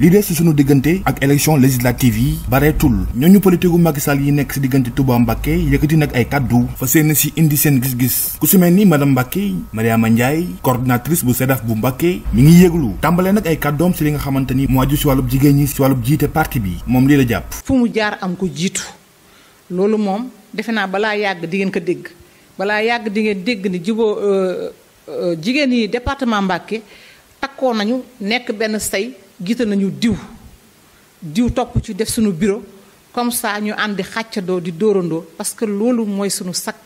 li des ci sunu diggante ak élection législative yi bareetul ñooñu politique gu Macky Sall yi nekk ci diggante Touba Mbacké yëkkati nag ay kàddu fa seen ci indi seen gis-gis ku ci mel ni madame Mbacké Mariama Ndiaye coordinatrice bu SEDAF bu Mbacké mi ngi yëglu tàmbalee nag ay kàddoom ci li nga xamante ni mu aju ci wàllub jigéen ñi ci wàllub jiite parti bi moom lii la jàpp. fu jaar am ko jiitu loolu moom defe naa balaa yàgg di ngeen ko dégg balaa yàgg di ngeen dégg ni juboo euh, euh, jigéen yi département Mbacké takkoo nañu nekk benn say. gita nañu diw diw topp ci def suñu bureau comme saa ñu àndi xàccandoo di dóorandoo parce que loolu mooy suñu sakk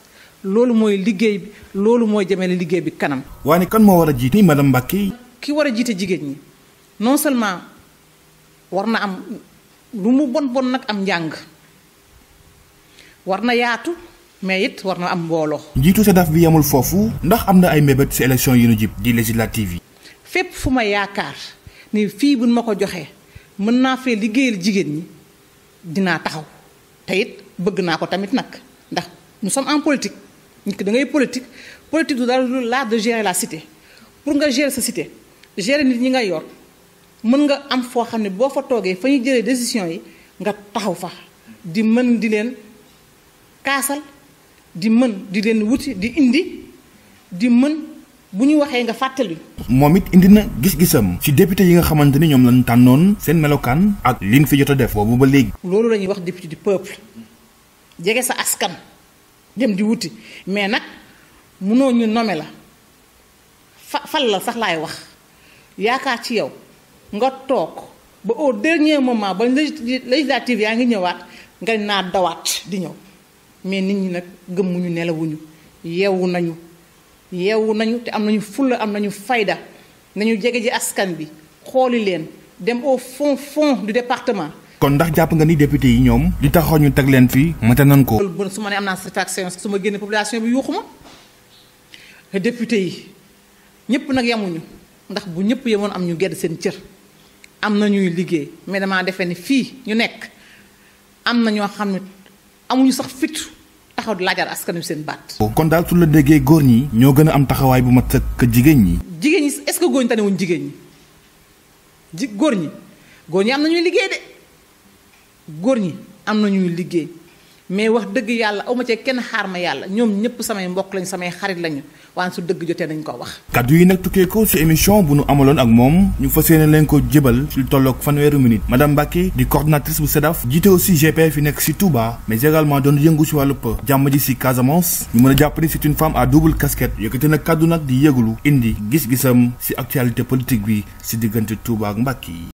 loolu mooy liggéey bi loolu mooy jëmale liggéey bi kanam. waane kan moo war a jiite madame Mbacké. ki war a jiite jigéen ñi non seulement war na am lu mu bon bon nag am njàng war na yaatu mais it war na am mbooloo. njiitu SEDAF bi yamul foofu. ndax am na ay mébét ci élection yi nu jib di législative yi. fépp fu ma yaakaar. ni fii nu ma ko joxee mën naa fee liggéeyal jigéen ñi dinaa taxaw te it bëgg naa ko tamit nag ndax nous sommes en politique nit ki da ngay politique politique du dara lu l'art de gérer la cité pour nga gérer sa cité gérer nit ñi nga yoon mën nga am foo xam ne boo fa toogee fa ñuy jëlee décision yi nga taxaw fa di mën di leen kaasal di mën di leen wuti di indi di mën bu ñu waxee nga fàttali moom it indi na gis-gisam ci député yi nga xamante ni ñoom lañ tànnoon seen melokaan ak liñ fi jot a def boobu ba léegi. loolu la wax député du peuple jege sa askan dem di wuti mais nag munoo ñu nome la fa fal la sax laay wax yaakaar ci yow nga toog ba au dernier moment ba législative yaa ngi ñëwaat nga naa dawaat di ñëw mais nit ñi nag gëmmuñu nelawuñu yeewu nañu. yeewu nañu te am nañu fulla am nañu fayda nañu jege ji askan bi xooli leen dem au fond fond du département. kon ndax jàpp nga ni député yi ñoom. li taxoon ñu teg leen fii mate nan ko. loolu su ma nee am naa satisfaction su ma génne population bi yuuxu ma député yi ñëpp nag yemuñu ndax bu ñëpp yemoon am ñu gedd seen cër am na ñuy liggéey mais damaa defee ni fii ñu nekk am na ñoo xam ne amuñu sax fit taxaw di laajaat askan seen baat. kon daal su la déggee góor ñi. ñoo gën a am taxawaay bu ma sëkk jigéen ñi. jigéen ñi est-ce que góor ñi tane wuñ jigéen góor ñi góor ñi am na ñuy liggéey de góor ñi am na ñuy liggéey mais wax dëgg yàlla awma cee kenn xaar ma yàlla ñoom ñëpp samay mbokk lañ samay xarit lañu waaye su dëgg jotee nañ ko wax. kàddu yi nag tukkee ko si émission bu nu amaloon ak moom ñu fas yéene leen ko jébal ci lu tolloog fanweeru minute madame Mbacke di coordonnatrice bu SEDAF jiite aussi GPF fi nekk si Touba mais également doon yëngu si wàllu pa jàmm ji si Casamance ñu mën a jàpp ni c'est une femme à double casquette yëkkati na kàddu nag di yëglu indi gis-gisam si actualité politique bi si diggante Touba ak Mbacke yi.